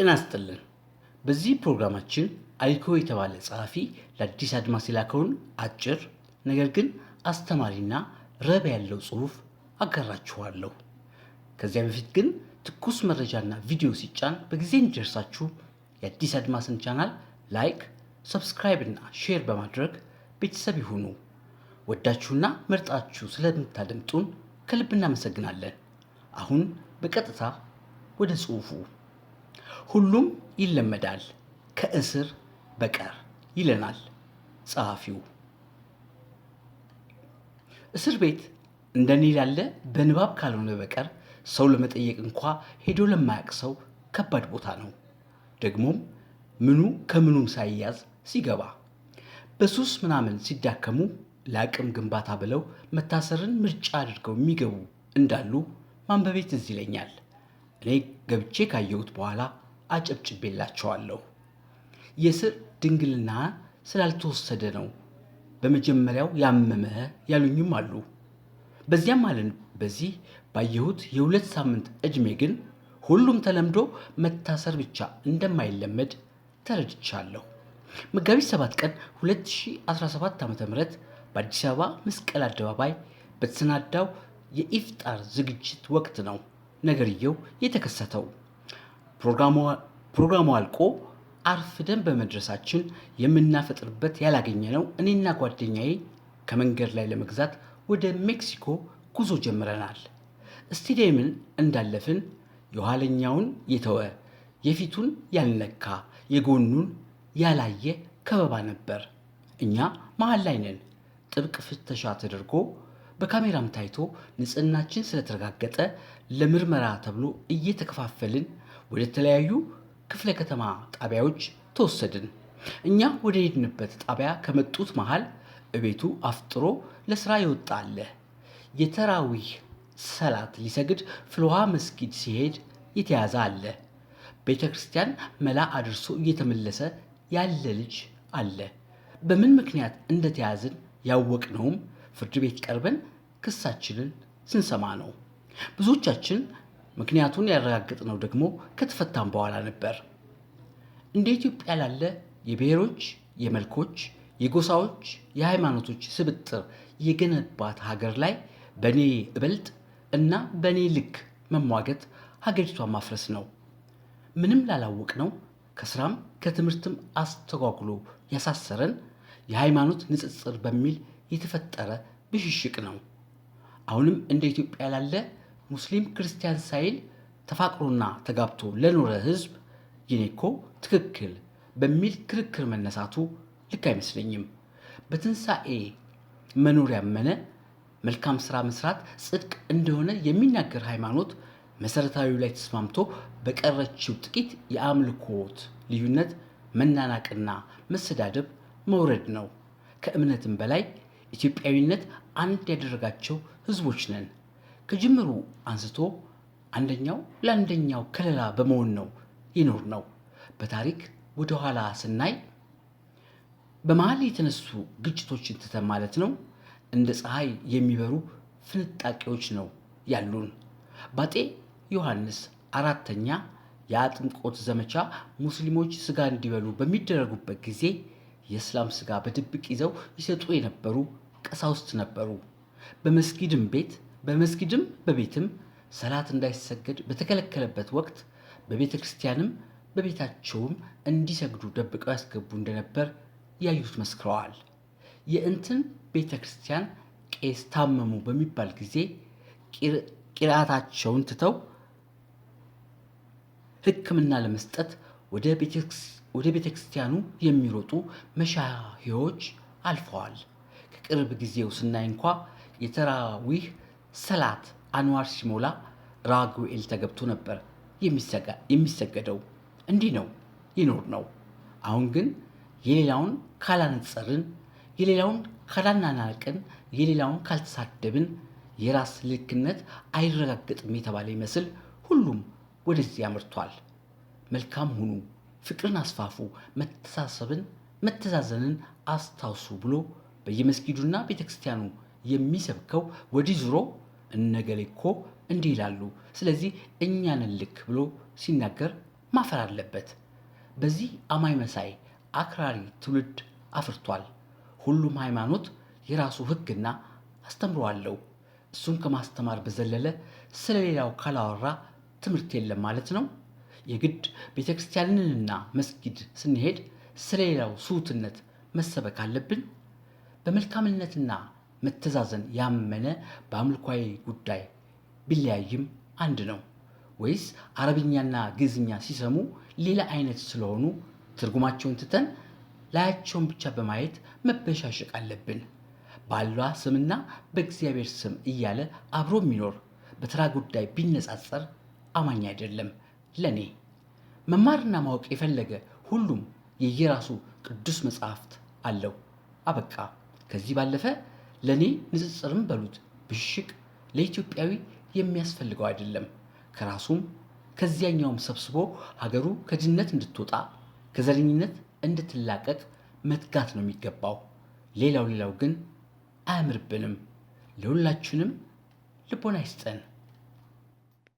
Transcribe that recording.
ጤና ይስጥልን። በዚህ ፕሮግራማችን አይኮ የተባለ ጸሐፊ ለአዲስ አድማስ የላከውን አጭር ነገር ግን አስተማሪና ረብ ያለው ጽሑፍ አጋራችኋለሁ። ከዚያ በፊት ግን ትኩስ መረጃና ቪዲዮ ሲጫን በጊዜ እንዲደርሳችሁ የአዲስ አድማስን ቻናል ላይክ፣ ሰብስክራይብ እና ሼር በማድረግ ቤተሰብ ይሁኑ። ወዳችሁና መርጣችሁ ስለምታደምጡን ከልብ እናመሰግናለን። አሁን በቀጥታ ወደ ጽሑፉ ሁሉም ይለመዳል ከእስር በቀር ይለናል ጸሐፊው። እስር ቤት እንደኔ ላለ በንባብ ካልሆነ በቀር ሰው ለመጠየቅ እንኳ ሄዶ ለማያቅ ሰው ከባድ ቦታ ነው። ደግሞም ምኑ ከምኑም ሳይያዝ ሲገባ በሱስ ምናምን ሲዳከሙ ለአቅም ግንባታ ብለው መታሰርን ምርጫ አድርገው የሚገቡ እንዳሉ ማንበቤት እዚህ ይለኛል። እኔ ገብቼ ካየሁት በኋላ አጨብጭቤላቸዋለሁ። የስር ድንግልና ስላልተወሰደ ነው በመጀመሪያው ያመመ ያሉኝም አሉ። በዚያም አለን በዚህ ባየሁት የሁለት ሳምንት ዕድሜ ግን ሁሉም ተለምዶ መታሰር ብቻ እንደማይለመድ ተረድቻለሁ። መጋቢት 7 ቀን 2017 ዓ ም በአዲስ አበባ መስቀል አደባባይ በተሰናዳው የኢፍጣር ዝግጅት ወቅት ነው ነገርየው የተከሰተው። ፕሮግራሙ አልቆ አርፍደን በመድረሳችን የምናፈጥርበት ያላገኘነው እኔና ጓደኛዬ ከመንገድ ላይ ለመግዛት ወደ ሜክሲኮ ጉዞ ጀምረናል። ስቴዲየምን እንዳለፍን የኋለኛውን የተወ የፊቱን ያልነካ የጎኑን ያላየ ከበባ ነበር። እኛ መሀል ላይ ነን። ጥብቅ ፍተሻ ተደርጎ በካሜራም ታይቶ ንጽህናችን ስለተረጋገጠ ለምርመራ ተብሎ እየተከፋፈልን ወደ ተለያዩ ክፍለ ከተማ ጣቢያዎች ተወሰድን። እኛ ወደ ሄድንበት ጣቢያ ከመጡት መሃል እቤቱ አፍጥሮ ለስራ ይወጣለ የተራዊህ ሰላት ሊሰግድ ፍልውሃ መስጊድ ሲሄድ የተያዘ አለ። ቤተ ክርስቲያን መላ አድርሶ እየተመለሰ ያለ ልጅ አለ። በምን ምክንያት እንደተያዝን ያወቅነውም ፍርድ ቤት ቀርበን ክሳችንን ስንሰማ ነው። ብዙዎቻችን ምክንያቱን ያረጋገጥነው ደግሞ ከተፈታም በኋላ ነበር። እንደ ኢትዮጵያ ላለ የብሔሮች፣ የመልኮች፣ የጎሳዎች፣ የሃይማኖቶች ስብጥር የገነባት ሀገር ላይ በእኔ እበልጥ እና በእኔ ልክ መሟገት ሀገሪቷን ማፍረስ ነው። ምንም ላላወቅ ነው ከስራም ከትምህርትም አስተጓጉሎ ያሳሰረን የሃይማኖት ንጽጽር በሚል የተፈጠረ ብሽሽቅ ነው። አሁንም እንደ ኢትዮጵያ ላለ ሙስሊም ክርስቲያን ሳይል ተፋቅሮና ተጋብቶ ለኖረ ህዝብ የኔኮ ትክክል በሚል ክርክር መነሳቱ ልክ አይመስለኝም። በትንሣኤ መኖር ያመነ መልካም ሥራ መስራት ጽድቅ እንደሆነ የሚናገር ሃይማኖት መሠረታዊ ላይ ተስማምቶ በቀረችው ጥቂት የአምልኮት ልዩነት መናናቅና መሰዳደብ መውረድ ነው። ከእምነትም በላይ ኢትዮጵያዊነት አንድ ያደረጋቸው ህዝቦች ነን። ከጅምሩ አንስቶ አንደኛው ለአንደኛው ከለላ በመሆን ነው ይኖር ነው። በታሪክ ወደኋላ ስናይ በመሀል የተነሱ ግጭቶችን ትተን ማለት ነው እንደ ፀሐይ የሚበሩ ፍንጣቂዎች ነው ያሉን። ባጤ ዮሐንስ አራተኛ የአጥምቆት ዘመቻ ሙስሊሞች ስጋ እንዲበሉ በሚደረጉበት ጊዜ የእስላም ስጋ በድብቅ ይዘው ይሰጡ የነበሩ ቀሳውስት ነበሩ። በመስጊድም ቤት በመስጊድም በቤትም ሰላት እንዳይሰገድ በተከለከለበት ወቅት በቤተ ክርስቲያንም በቤታቸውም እንዲሰግዱ ደብቀው ያስገቡ እንደነበር ያዩት መስክረዋል። የእንትን ቤተ ክርስቲያን ቄስ ታመሙ በሚባል ጊዜ ቂርአታቸውን ትተው ሕክምና ለመስጠት ወደ ቤተ ክርስቲያኑ የሚሮጡ መሻሄዎች አልፈዋል። ከቅርብ ጊዜው ስናይ እንኳ የተራዊህ ሰላት አንዋር ሲሞላ ራጉኤል ተገብቶ ነበር የሚሰገደው። እንዲህ ነው ይኖር ነው። አሁን ግን የሌላውን ካላነጸርን፣ የሌላውን ካላናናቅን፣ የሌላውን ካልተሳደብን የራስ ልክነት አይረጋገጥም የተባለ ይመስል ሁሉም ወደዚህ ያመርቷል። መልካም ሁኑ፣ ፍቅርን አስፋፉ፣ መተሳሰብን መተዛዘንን አስታውሱ ብሎ በየመስጊዱና ቤተክርስቲያኑ የሚሰብከው ወዲህ ዙሮ እነገሌ እኮ እንዲህ ይላሉ፣ ስለዚህ እኛ ልክ ብሎ ሲናገር ማፈር አለበት። በዚህ አማይ መሳይ አክራሪ ትውልድ አፍርቷል። ሁሉም ሃይማኖት የራሱ ሕግና አስተምሮ አለው። እሱን ከማስተማር በዘለለ ስለሌላው ካላወራ ትምህርት የለም ማለት ነው። የግድ ቤተ ክርስቲያንንና መስጊድ ስንሄድ ስለሌላው ስሁትነት መሰበክ አለብን። በመልካምነትና መተዛዘን ያመነ በአምልኳዊ ጉዳይ ቢለያይም አንድ ነው ወይስ አረብኛና ግዕዝኛ ሲሰሙ ሌላ አይነት ስለሆኑ ትርጉማቸውን ትተን ላያቸውን ብቻ በማየት መበሻሸቅ አለብን? ባሏ ስምና በእግዚአብሔር ስም እያለ አብሮ የሚኖር በተራ ጉዳይ ቢነጻጸር አማኝ አይደለም። ለእኔ መማርና ማወቅ የፈለገ ሁሉም የየራሱ ቅዱስ መጽሐፍት አለው። አበቃ። ከዚህ ባለፈ ለእኔ ንጽጽርም በሉት ብሽቅ ለኢትዮጵያዊ የሚያስፈልገው አይደለም። ከራሱም ከዚያኛውም ሰብስቦ ሀገሩ ከድህነት እንድትወጣ ከዘረኝነት እንድትላቀቅ መትጋት ነው የሚገባው። ሌላው ሌላው ግን አያምርብንም። ለሁላችንም ልቦና ይስጠን።